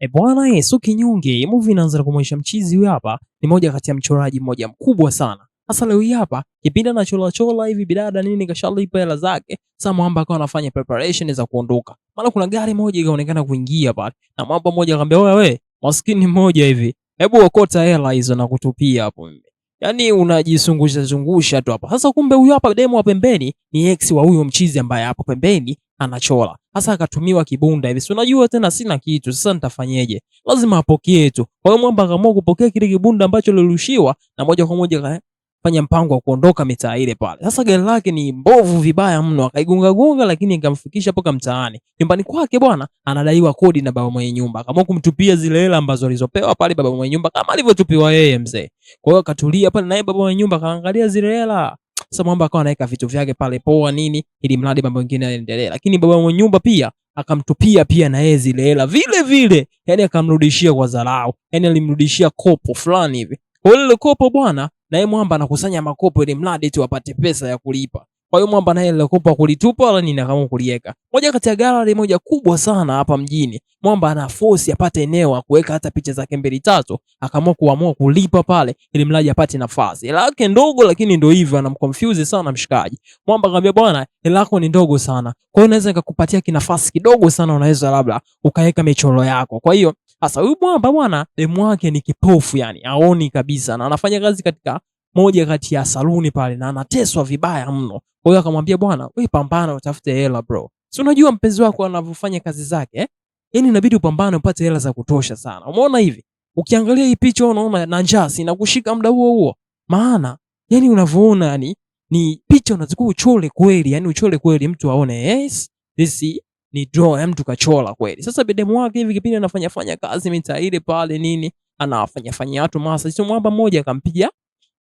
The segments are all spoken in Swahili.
E bwana Yesu Kinyonge, movie inaanza kumwonyesha mchizi huyu hapa ni moja kati ya mchoraji mmoja mkubwa sana. Sasa leo hii hapa kipindi na chola chola hivi bidada nini kashalipa hela zake. Sasa mwamba akawa anafanya preparation za kuondoka. maana kuna gari moja ikaonekana kuingia pale. Na mwamba mmoja akamwambia wewe we, maskini mmoja hivi. Hebu okota hela hizo na kutupia hapo mimi. Yaani unajizungusha zungusha tu hapa. Sasa kumbe huyu hapa demo wa pembeni ni ex wa huyo mchizi ambaye hapo pembeni anachola hasa akatumiwa kibunda hivi, si unajua tena sina kitu, sasa nitafanyeje? Lazima apokee tu. Kwa hiyo mwamba akaamua kupokea kile kibunda ambacho lilirushiwa na moja kwa moja akafanya mpango wa kuondoka mitaa ile pale. Sasa gari lake ni mbovu vibaya mno, akaigunga gunga, lakini ikamfikisha mpaka mtaani. Nyumbani kwake bwana anadaiwa kodi na baba mwenye nyumba, akaamua kumtupia zile hela ambazo alizopewa pale baba mwenye nyumba, kama alivyotupiwa yeye mzee. Kwa hiyo akatulia pale, naye baba mwenye nyumba akaangalia zile hela sasa mwamba akawa anaweka vitu vyake pale poa nini, ili mradi mambo mengine yaendelee. Lakini baba mwenye nyumba pia akamtupia pia na yeye zile hela vile vile, yani akamrudishia kwa dharau, yani alimrudishia kopo fulani hivi. Kwa hiyo kopo bwana, na yeye mwamba anakusanya makopo ili mradi tu apate pesa ya kulipa. Kwa hiyo mwamba naye alikopa kulitupa wala nini akaamua kulieka. Moja kati ya gallery moja kubwa sana hapa mjini. Mwamba ana force apate eneo kuweka hata picha zake mbili tatu, akaamua kuamua kulipa pale ili mlaji apate nafasi. Hela yake ndogo, lakini ndio hivyo anamconfuse sana mshikaji. Mwamba akamwambia bwana, hela yako ni ndogo sana. Kwa hiyo naweza nikakupatia kinafasi kidogo sana, unaweza labda ukaweka michoro yako. Kwa hiyo sasa huyu mwamba bwana, demu wake ni kipofu yani, aoni kabisa na anafanya kazi katika moja kati ya saluni pale na anateswa vibaya mno. Kwa hiyo akamwambia bwana, wewe pambana utafute hela bro. Si unajua mpenzi wako anavyofanya kazi zake eh? Yaani inabidi upambane upate hela za kutosha sana. Umeona hivi? Ukiangalia hii picha unaona na njaa si inakushika muda huo huo. Maana yani unavyoona yani ni picha unatakiwa uchole kweli, yani uchole kweli mtu aone yes, eh, this ni draw ya yaani mtu kachola kweli. Sasa bidemu wake hivi kipindi anafanya fanya kazi mitaa ile pale nini, anafanya fanya watu masa. Sio mwamba mmoja akampiga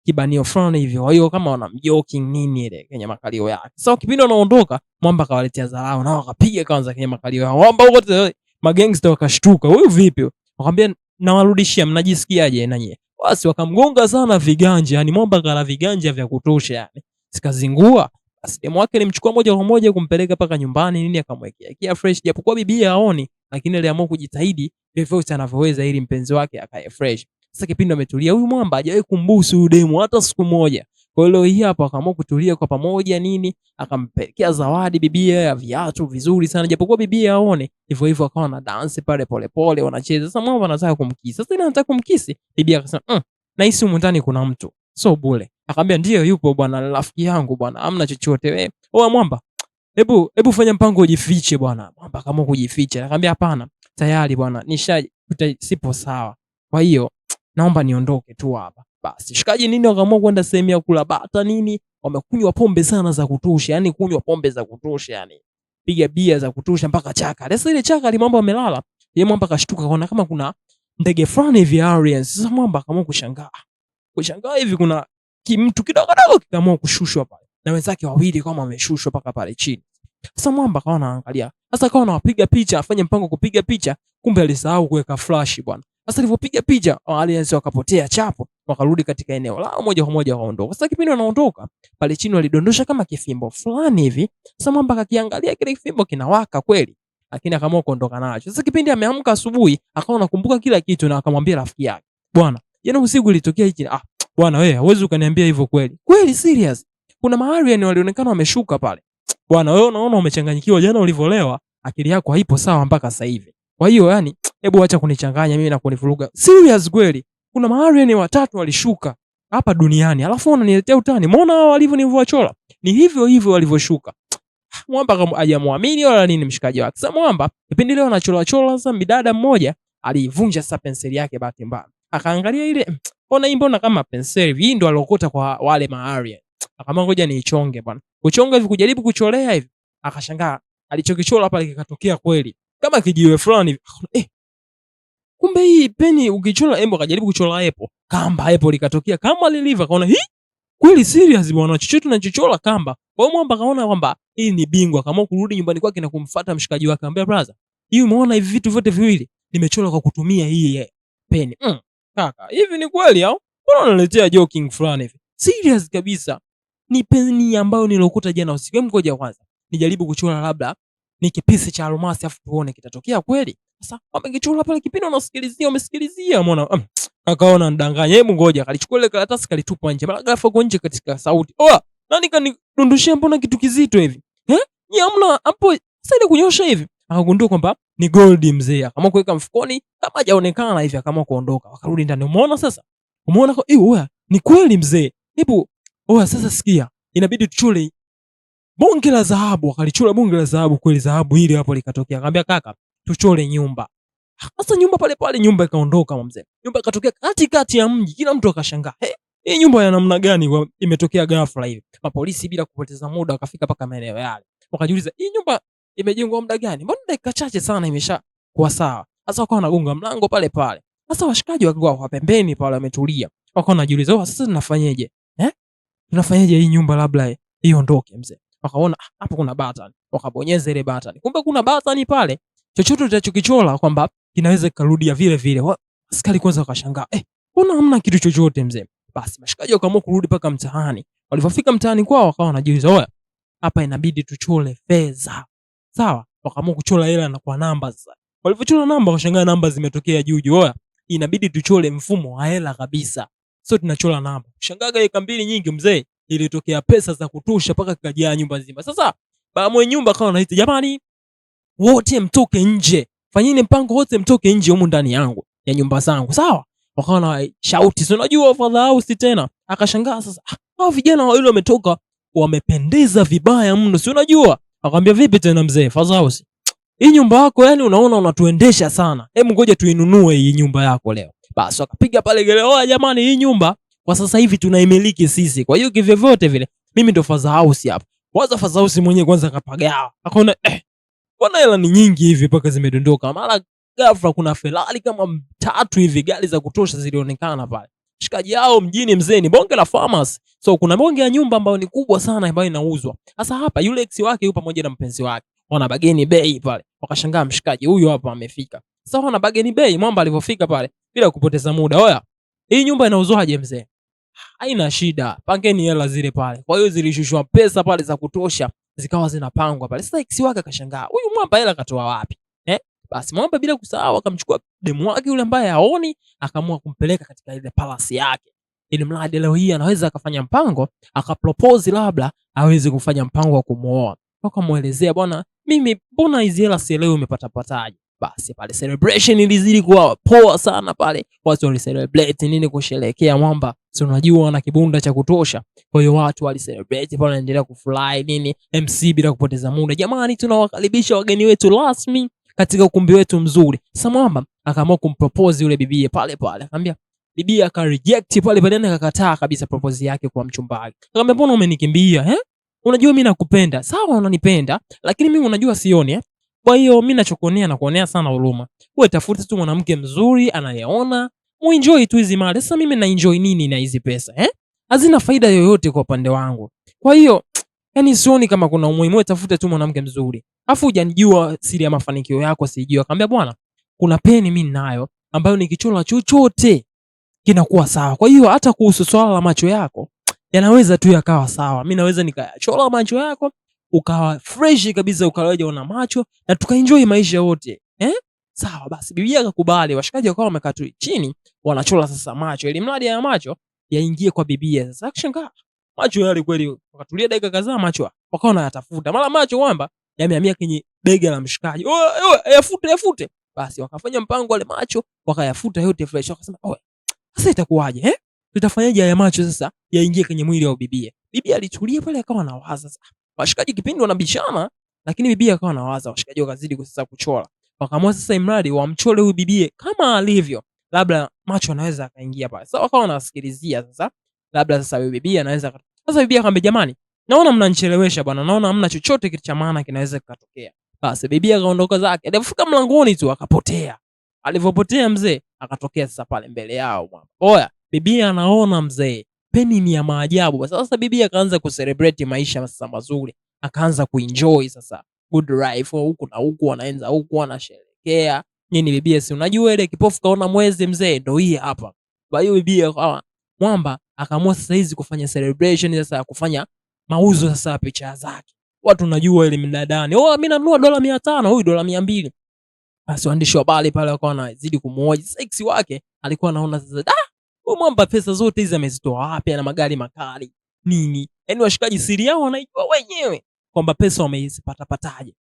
kibanio fulani hivyo, kwa hiyo kama wana mjoki nini ile kwenye makalio yake. Sasa kipindi wanaondoka Mwamba akawaletea dharau na wakapiga kwanza kwenye makalio yao. Mwamba huko magangster wakashtuka, huyu vipi? Wakamwambia nawarudishia, mnajisikiaje nanyi? Basi wakamgonga sana viganja, yani Mwamba kala viganja vya kutosha, yani sikazingua basi demu wake alimchukua moja kwa moja kumpeleka paka nyumbani nini, akamwekea kia fresh, japokuwa bibi haoni, lakini aliamua kujitahidi vyovyote anavyoweza ili mpenzi wake akae fresh. Sasa kipindi ametulia huyu mwamba hajawahi kumbusu huyu demu hata siku moja. Kwa hiyo hii hapa akaamua kutulia kwa pamoja nini, akampelekea zawadi bibia ya viatu vizuri sana, japokuwa bibia aone hivyo hivyo, akawa na dance pale polepole, wanacheza. Sasa mwamba anataka kumkisi, sasa ile anataka kumkisi bibia, akasema mm, nahisi humu ndani kuna mtu, so bule. Akamwambia ndio, yupo bwana, rafiki yangu bwana, amna chochote wewe. Oa oh, mwamba, hebu hebu fanya mpango ujifiche bwana. Mwamba akaamua kujificha, akamwambia hapana, tayari bwana, nisha sipo sawa, kwa hiyo naomba niondoke tu hapa basi. Shikaji nini wakaamua kwenda sehemu ya kula bata nini, wamekunywa pombe sana za kutosha, yani kunywa pombe za kutosha, yani piga bia za kutosha mpaka chaka. Sasa ile chaka alimwamba amelala yeye, mwamba akashtuka kaona kama kuna ndege fulani hivi aliens. Sasa mwamba akaamua kushangaa, kushangaa hivi kuna kimtu kidogo kidogo kikaamua kushushwa pale na wenzake wawili kama wameshushwa mpaka pale chini. Sasa mwamba akaona, angalia sasa, akaona wapiga picha, afanye mpango kupiga picha, kumbe alisahau kuweka flash bwana. Sasa alivyopiga picha Alliance wakapotea chapo, wakarudi katika eneo lao moja kwa moja waondoka. Sasa kipindi wanaondoka pale chini walidondosha kama kifimbo fulani hivi. Sasa mwamba akakiangalia kile kifimbo kinawaka kweli, lakini akaamua kuondoka nacho. Sasa kipindi ameamka asubuhi, akawa anakumbuka kila kitu na akamwambia rafiki yake, bwana, jana usiku ilitokea hichi. Ah bwana, wewe huwezi ukaniambia hivyo kweli kweli, serious. Kuna mahali yani walionekana wameshuka pale. Bwana, wewe unaona umechanganyikiwa, jana ulivolewa, akili yako haipo sawa mpaka sasa hivi. Kwa hiyo yani Hebu acha kunichanganya mimi na kunivuruga. Serious kweli. Kuna maarene watatu walishuka hapa duniani. Alafu unaniletea utani. Mbona hao walivyo walivyonivua chola. Ni hivyo hivyo walivyoshuka. Mwamba kama hajamwamini wala nini mshikaji wake. Sasa Mwamba kipindi leo anachola chola sasa bidada mmoja alivunja sasa penseli yake bahati mbaya. Akaangalia ile ona hii mbona kama penseli hii ndo alokota kwa wale maarene. Akamwambia ngoja niichonge bwana. uchonge hivi kujaribu kucholea hivi. Akashangaa alichokichola hapa kikatokea kweli. Kama kijiwe fulani hivi. Eh, Kumbe hii peni ukichola embo, kajaribu kuchola epo kamba, epo likatokea kama liliva, kaona hii kweli serious bwana, chochote nachochora kamba. Kwa hiyo mwamba kaona kwamba hii ni bingwa, kama kurudi nyumbani kwake na kumfuata mshikaji wake, ambaye brother, hii umeona hivi vitu vyote viwili nimechola kwa kutumia hii eh, peni. Mm, kaka hivi ni kweli au mbona unaletea joking fulani hivi? Serious kabisa, ni peni ambayo nilokuta jana usiku. Ngoja kwanza nijaribu kuchola labda ni kipisi cha almasi, afu tuone kitatokea kweli. Sasa wamekichora pale kipindi wanasikilizia, wamesikilizia mwana um, mm. akaona ndanganya, hebu ngoja, kalichukua ile karatasi kalitupa nje, mara ghafla uko nje katika sauti, oa oh, nani kanidondoshia, mbona kitu kizito hivi eh, ni amna hapo sasa ile kunyosha hivi, akagundua kwamba ni gold mzee, akaamua kuweka mfukoni kama hajaonekana hivi, akaamua kuondoka, wakarudi ndani. Umeona sasa, umeona kwa hiyo, oa ni kweli mzee, hebu oa sasa, sikia, inabidi tuchule bonge la dhahabu. akalichula bonge la dhahabu kweli, dhahabu hili hapo likatokea, akamwambia kaka tuchole nyumba. Sasa nyumba pale pale, nyumba ikaondoka mzee, nyumba ikatokea kati kati ya mji, kila mtu akashangaa, hey, hii nyumba ya namna gani imetokea ghafla hivi? Mapolisi bila kupoteza muda wakafika paka maeneo yale, wakajiuliza hii nyumba imejengwa muda gani? Mbona dakika chache sana imesha kuwa sawa? Sasa wakawa wanagonga mlango pale pale. Sasa washikaji wakiwa kwa pembeni pale wametulia, wakawa wanajiuliza oh, sasa tunafanyeje eh, tunafanyeje hii nyumba labda iondoke mzee. Wakaona ah, hapo kuna button, wakabonyeza ile button, kumbe kuna button pale chochote utachokichola kwamba kinaweza kikarudia vile vile. Askari kwanza wakashangaa, eh, mbona hamna kitu chochote mzee? Basi mashikaji wakaamua kurudi mpaka mtaani. Walipofika mtaani kwao wakawa wanajiuliza, oya, hapa inabidi tuchole fedha. Sawa, wakaamua kuchora hela na kwa namba sasa. Walipochora namba wakashangaa namba zimetokea juu juu. Oya, inabidi tuchole mfumo wa hela kabisa. sio tunachora namba. Shangaga ile kambili nyingi mzee, ilitokea pesa za kutosha mpaka kikajaa nyumba nzima. Sasa baa mwenye nyumba akawa anaita, jamani wote mtoke nje, fanyeni mpango wote mtoke nje humu ndani yangu ya nyumba zangu, sawa? Wakawa na shauti, so unajua Father house tena. Akashangaa sasa, ah, hao vijana wawili wametoka wamependeza vibaya mno, si unajua. Akamwambia vipi tena mzee Father house, hii nyumba yako yani unaona unatuendesha sana, hebu ngoja tuinunue hii nyumba yako leo. Basi akapiga pale gele, geleo, oh, jamani, hii nyumba kwa sasa hivi tunaimiliki sisi, kwa hiyo kivyovyote vile mimi ndo Father house hapa. Kwanza Father house mwenyewe kwanza kapagawa, akaona eh mbona hela ni nyingi hivi mpaka zimedondoka? Mara ghafla kuna Ferrari kama tatu hivi, gari za kutosha zilionekana pale. Shikaji yao mjini mzee ni bonge la farmers. So kuna bonge ya nyumba ambayo ni kubwa sana ambayo inauzwa. Sasa hapa yule ex wake yupo pamoja na mpenzi wake. Wana bageni bei pale. Wakashangaa mshikaji huyu hapa amefika. Sasa wana bageni bei mwamba alivyofika pale bila kupoteza muda. Oya. Hii nyumba inauzwaje mzee? Haina shida. Pangeni hela zile pale. Kwa hiyo zilishushwa pesa pale za kutosha zikawa zinapangwa pale. Sasa Kisiwagi akashangaa, huyu mwamba hela katoa wapi? Eh? Basi mwamba bila kusahau akamchukua demu wake yule ambaye haoni, akaamua kumpeleka katika ile palace yake. Ili mradi leo hii anaweza akafanya mpango, akapropose labda aweze kufanya mpango wa kumwoa. Akamwelezea bwana, mimi mbona hizi hela sielewi umepata pataje? Basi pale celebration ilizidi kuwa poa sana pale, watu walicelebrate nini, kusherekea mwamba, si unajua na kibunda cha kutosha. Kwa hiyo watu walicelebrate pale, wanaendelea kufurahi nini. MC bila kupoteza muda, jamani, tunawakaribisha wageni wetu rasmi katika ukumbi wetu mzuri. Sasa mwamba akaamua kumpropose yule bibie pale pale, akamwambia bibi aka reject pale pale, na akakataa kabisa propose yake kwa mchumbaji. Akamwambia mbona umenikimbia eh? Unajua mimi nakupenda. Sawa, unanipenda lakini mimi unajua sioni eh? Kwa hiyo mimi nachokuonea na kuonea sana huruma, wewe tafuta tu mwanamke mzuri anayeona, muenjoy tu hizi mali. Sasa mimi na enjoy nini na hizi pesa eh? Hazina faida yoyote kwa upande wangu. Kwa hiyo yani sioni kama kuna umuhimu, wewe tafuta tu mwanamke mzuri. Afu hujanijua siri ya mafanikio yako sijui. Akamwambia bwana, kuna peni mimi ninayo ambayo nikichora chochote kinakuwa sawa. Kwa hiyo hata kuhusu swala la macho yako yanaweza tu yakawa sawa, Mimi naweza nikayachora macho yako ukawa fresh kabisa, ukaleja una macho na tukaenjoy maisha yote eh? Sawa basi, bibia akakubali, washikaji wakawa wamekaa tu chini wanachola sasa macho, ili mradi ya macho yaingie kwa bibia. Sasa akashangaa macho yale kweli, wakatulia dakika kadhaa, macho wakawa wanayatafuta, mara macho kwamba yamehamia kwenye bega la mshikaji, oh, oh, yafute yafute. Basi wakafanya mpango, wale macho wakayafuta yote fresh, wakasema oh, sasa itakuwaje eh? Tutafanyaje haya macho sasa yaingie kwenye mwili wa bibia? Bibia alitulia pale, akawa anawaza sasa Washikaji kipindi wanabishana, lakini bibi akawa anawaza, washikaji wakazidi sasa kuchora. Wakaamua sasa imradi wamchore huyu bibi kama alivyo, labda macho anaweza akaingia pale. Sasa wakawa wanasikilizia sasa, labda sasa huyu bibi anaweza. Sasa bibi akamwambia, jamani, naona mnanichelewesha bwana, naona hamna chochote kitu cha maana kinaweza kikatokea. Basi bibi akaondoka zake, alifika mlangoni tu akapotea. Alivyopotea mzee akatokea sasa pale mbele yao. Oya, bibi anaona mzee peni ni ya maajabu. Sasa bibi akaanza kucelebrate maisha sasa mazuri, akaanza kuenjoy sasa good life, oh, huku na huku anaenza huku anasherekea nini. Bibi si unajua ile kipofu kaona mwezi mzee, ndio hii hapa. Kwa hiyo bibi akawa mwamba, akaamua sasa hizi kufanya celebration sasa, kufanya mauzo sasa ya picha zake. Watu unajua ile mdadani, oh, mimi nanunua dola 500, huyu dola 200. Basi waandishi wa habari pale wakawa wanazidi kumuoji sasa. Ex wake alikuwa anaona sasa, ah Mwamba pesa zote hizi amezitoa wapi? Ana magari makali nini? Yaani washikaji siri yao wanaijua wenyewe kwamba pesa wamezipata pataje.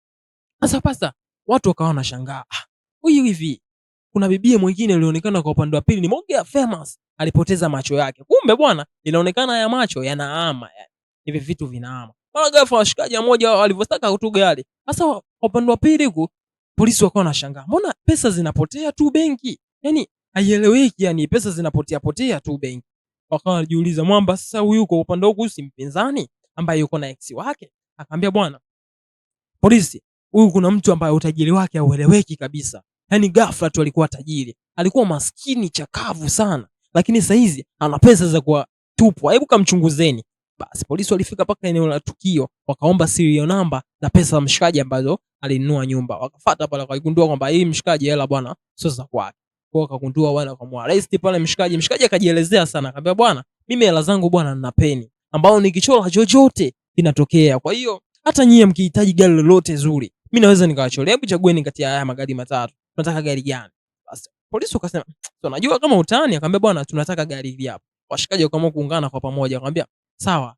Sasa pasta watu wakawa na shangaa. Ah, huyu hivi kuna bibie mwingine alionekana kwa upande wa pili ni moja famous, alipoteza macho yake. Kumbe bwana, inaonekana haya macho yanaama, yani hivi vitu vinaama. Mara ghafla washikaji mmoja walivyotaka kutu gari sasa, kwa upande wa pili huko polisi wakawa na shangaa. mbona pesa zinapotea tu benki? Yaani haieleweki, yani pesa zinapotea potea tu benki. Wakawa wanajiuliza mwamba, sasa huyu kwa upande huku si mpinzani ambaye yuko na ex wake? Akamwambia bwana polisi, huyu kuna mtu ambaye utajiri wake haueleweki kabisa, yani ghafla tu alikuwa tajiri, alikuwa maskini chakavu sana, lakini sasa hizi ana pesa za kwa tupu, hebu kamchunguzeni. Basi polisi walifika mpaka eneo la tukio, wakaomba serial namba na pesa za mshikaji ambazo alinunua nyumba. Wakafuata pale, wakagundua kwamba hii mshikaji hela bwana sio za kwake. Kwa akagundua bwana kwa Mwaraisi pale mshikaji, mshikaji akajielezea sana, akamwambia bwana, mimi hela zangu bwana nina peni ambao nikichora chochote inatokea. Kwa hiyo hata nyie mkihitaji gari lolote zuri, mimi naweza nikawachorea. Hebu chagueni kati ya haya magari matatu, tunataka gari gani? Basi polisi wakasema tunajua kama utani. Akamwambia bwana, tunataka gari hili hapa. Washikaji wakaamua kuungana kwa pamoja, akamwambia sawa.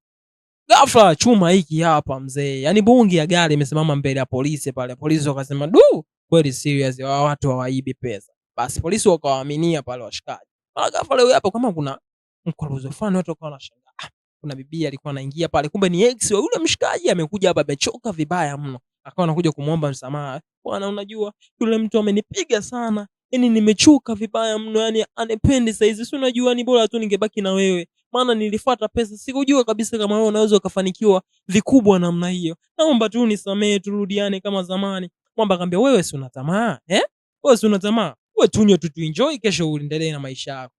Ghafla chuma hiki hapa mzee, yani bungi ya gari imesimama mbele ya polisi pale. Polisi wakasema du, kweli serious, wa watu hawaibi pesa. Basi polisi wakawaaminia pale washikaji. Mara ghafla leo hapo kama kuna mkwaruzo fulani, watu wakawa wanashangaa, ah, kuna bibi alikuwa anaingia pale, kumbe ni ex wa yule mshikaji, amekuja hapa amechoka vibaya mno, akawa anakuja kumuomba msamaha. Bwana, unajua yule mtu amenipiga sana, yani nimechoka vibaya mno, yani anipendi saizi, si unajua, ni yaani bora tu ningebaki na wewe maana nilifuata pesa, sikujua kabisa kama wewe unaweza ukafanikiwa vikubwa namna hiyo. Naomba tu nisamee, turudiane kama zamani. Mwamba akaambia, wewe si una tamaa eh? Wewe si una tamaa uwe tunywe tu tuenjoy, kesho uendelee na maisha yako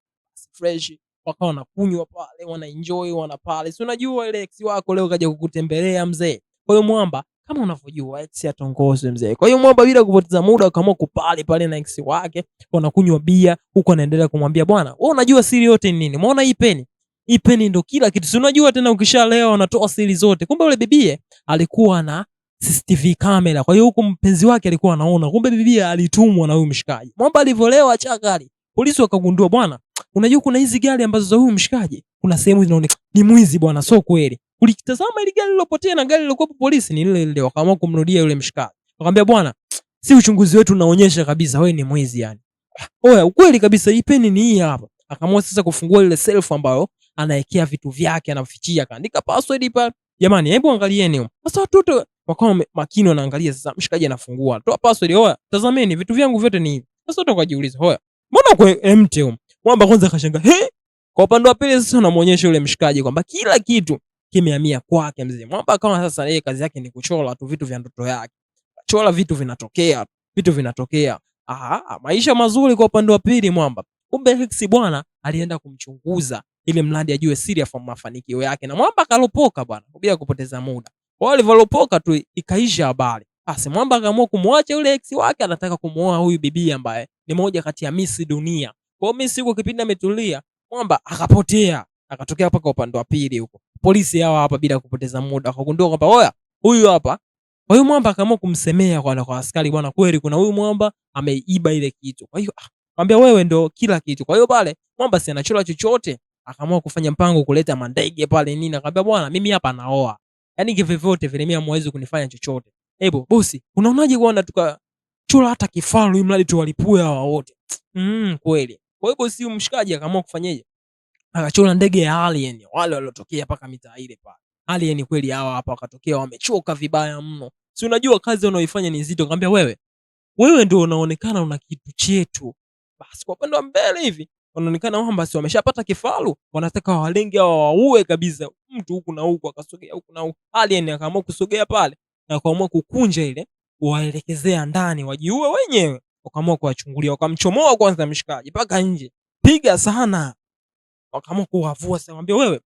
fresh. Wakawa wanakunywa pale, wanaenjoy, wana pale, si unajua ile ex wako leo kaja kukutembelea mzee. Kwa hiyo mwamba kama unavyojua ex atongozwe mzee. Kwa hiyo mwamba bila kupoteza muda akaamua kupale pale na ex wake, wanakunywa bia huko, anaendelea kumwambia bwana, wewe unajua siri yote ni nini? Umeona hii peni hii peni ndo kila kitu, si unajua tena. Ukishalewa wanatoa siri zote, kumbe yule bibie alikuwa na CCTV kamera. Kwa hiyo huko mpenzi wake alikuwa anaona, kumbe bibia alitumwa na huyu mshikaji. Mwamba alivolewa chakali, polisi wakagundua, bwana, unajua kuna hizi gari ambazo za huyu mshikaji kuna sehemu zinaonekana ni mwizi bwana, sio kweli. Ulitazama ile gari lilopotea na gari lilokuwa polisi ni lile lile. Wakaamua kumrudia yule mshikaji, wakamwambia, bwana, si uchunguzi wetu unaonyesha kabisa wewe ni mwizi yani. Ah, oya, ukweli kabisa, ipeni ni hii hapa. Akaamua sasa kufungua ile self ambayo anaekea vitu vyake, anafichia, akaandika password pale. Jamani, hebu angalieni sasa, watoto wakawa makini wanaangalia. Sasa mshikaji anafungua, toa password, hoya, tazameni vitu vyangu vyote ni hivi. Sasa watu wakajiuliza, hoya, mbona kwa Mwamba kwanza he. Kwa upande wa pili sasa anamuonyesha yule mshikaji kwamba kila kitu kimehamia kwake. Mzee Mwamba akawa sasa yeye kazi yake ni tu vitu vya ndoto yake, vitu vinatokea, vitu vinatokea. Aha, maisha mazuri kwa upande wa pili Mwamba. Kumbe bwana alienda kumchunguza ili mradi ajue siri ya mafanikio yake, na Mwamba akalopoka bwana bila kupoteza muda. Wao walivyolopoka tu ikaisha habari. Basi Mwamba akaamua kumwacha yule ex wake, anataka kumuoa huyu bibi ambaye ni moja kati ya misi Dunia. Kwa hiyo misi huko kipindi ametulia, Mwamba akapotea, akatokea paka upande wa pili huko. Polisi hawa hapa bila kupoteza muda akagundua kwamba oya, huyu hapa. Kwa hiyo Mwamba akaamua kumsemea kwa kwa askari, bwana, kweli kuna huyu Mwamba ameiba ile kitu. Kwa hiyo ah, akamwambia wewe ndo kila kitu. Kwa hiyo pale Mwamba si anachola chochote, akaamua kufanya mpango kuleta mandege pale nini, akamwambia bwana, mimi hapa naoa yani vyovyote vile mimi hamwezi kunifanya chochote. Ebo bosi, unaonaje kwamba tukachora hata kifaru ili mradi tuwalipue hawa wote? Mm, kweli. Kwa hiyo bosi mshikaji akaamua kufanyaje? Akachora ndege ya alien wale waliotokea paka mitaa ile pa. Alien kweli hawa hapa wakatokea wamechoka vibaya mno. Si unajua kazi unaoifanya ni nzito. Ngambia wewe, wewe ndio unaonekana una kitu chetu. Basi kwa upande wa mbele hivi wanaonekana wao ambao wameshapata kifaru, wanataka walenge au waue kabisa mtu huku na huku, akasogea huku na huku. Alien akaamua kusogea pale na kaamua kukunja ile waelekezea ndani wajiue wenyewe, wakaamua kuwachungulia, wakamchomoa kwanza mshikaji mpaka nje, piga sana, wakaamua kuwavua. Sasa mwambie wewe,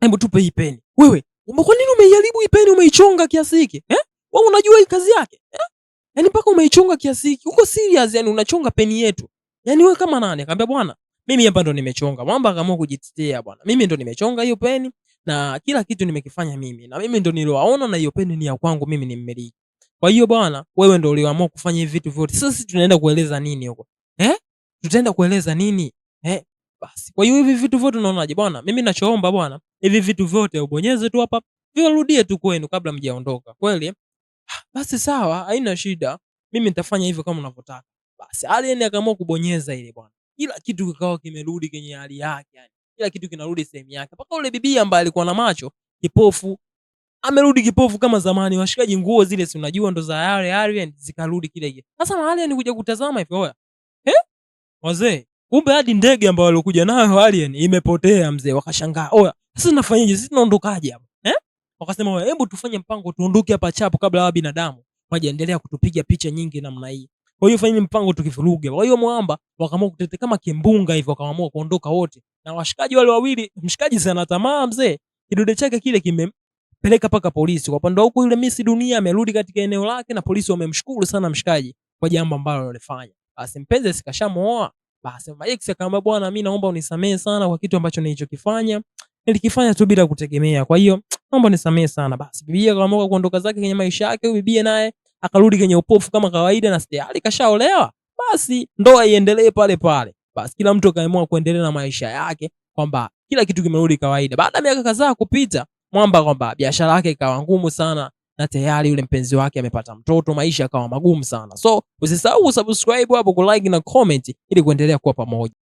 hebu tupe hii peni wewe, kwa nini umeiharibu hii peni? Umeichonga kiasi hiki eh? Wewe unajua hii kazi yake eh? Yani mpaka umeichonga kiasi hiki, uko serious? Yani unachonga peni yetu, yani wewe kama nani? Akamwambia bwana mimi hapa ndo nimechonga. Mwamba akaamua kujitetea bwana, mimi ndo nimechonga hiyo peni na kila kitu nimekifanya mimi, na mimi ndo nilioaona, na hiyo peni ni ya kwangu, mimi ni mmiliki. Kwa hiyo bwana, wewe ndo uliamua kufanya hivi vitu vyote. Sasa sisi tunaenda kueleza nini huko eh? Tutaenda kueleza nini eh? Basi kwa hiyo hivi vitu vyote unaonaje bwana? Mimi nachoomba bwana, hivi vitu vyote ubonyeze tu hapa, virudie tu kwenu kabla mjaondoka, kweli? Ah, basi sawa, haina shida, mimi nitafanya hivyo kama unavyotaka. Basi alien akaamua kubonyeza ile bwana kila kitu kikawa kimerudi kwenye hali yake, yani kila kitu kinarudi sehemu yake, mpaka ule bibi ambaye alikuwa na macho kipofu amerudi kipofu kama zamani. Washikaji, nguo zile, si unajua ndo za yale yale zikarudi kile kile. Sasa mahali ni kuja kutazama hivi, oya eh, wazee, kumbe hadi ndege ambayo walikuja nayo alien imepotea mzee. Wakashangaa, oya, sasa tunafanyaje? Sisi tunaondokaje hapa eh? Wakasema, oya, hebu tufanye mpango tuondoke hapa chapo kabla wa binadamu waje endelea kutupiga picha nyingi namna hii. Kwa hiyo fanyeni mpango tukivuruge. Kwa hiyo mwamba wakaamua kutete kama kimbunga hivyo, wakaamua kuondoka wote. Na washikaji wale wawili, mshikaji sana tamaa mzee, kidude chake kile kimepeleka paka polisi. Kwa upande huko yule Miss Dunia amerudi katika eneo lake na polisi wamemshukuru sana mshikaji kwa jambo ambalo alifanya. Basi mpenzi sikashamooa Basi mama X akamwambia, bwana, mimi naomba unisamehe sana kwa kitu ambacho nilichokifanya. Nilikifanya tu bila kutegemea. Kwa hiyo naomba unisamehe sana. Basi bibi akaamua kuondoka zake kwenye maisha yake, bibi naye akarudi kwenye upofu kama kawaida, na tayari kashaolewa, basi ndoa iendelee pale pale. Basi kila mtu akaamua kuendelea na maisha yake, kwamba kila kitu kimerudi kawaida. Baada ya miaka kadhaa kupita, mwamba kwamba biashara yake ikawa ngumu sana, na tayari yule mpenzi wake amepata mtoto, maisha yakawa magumu sana. So usisahau kusubscribe hapo, like na comment ili kuendelea kuwa pamoja.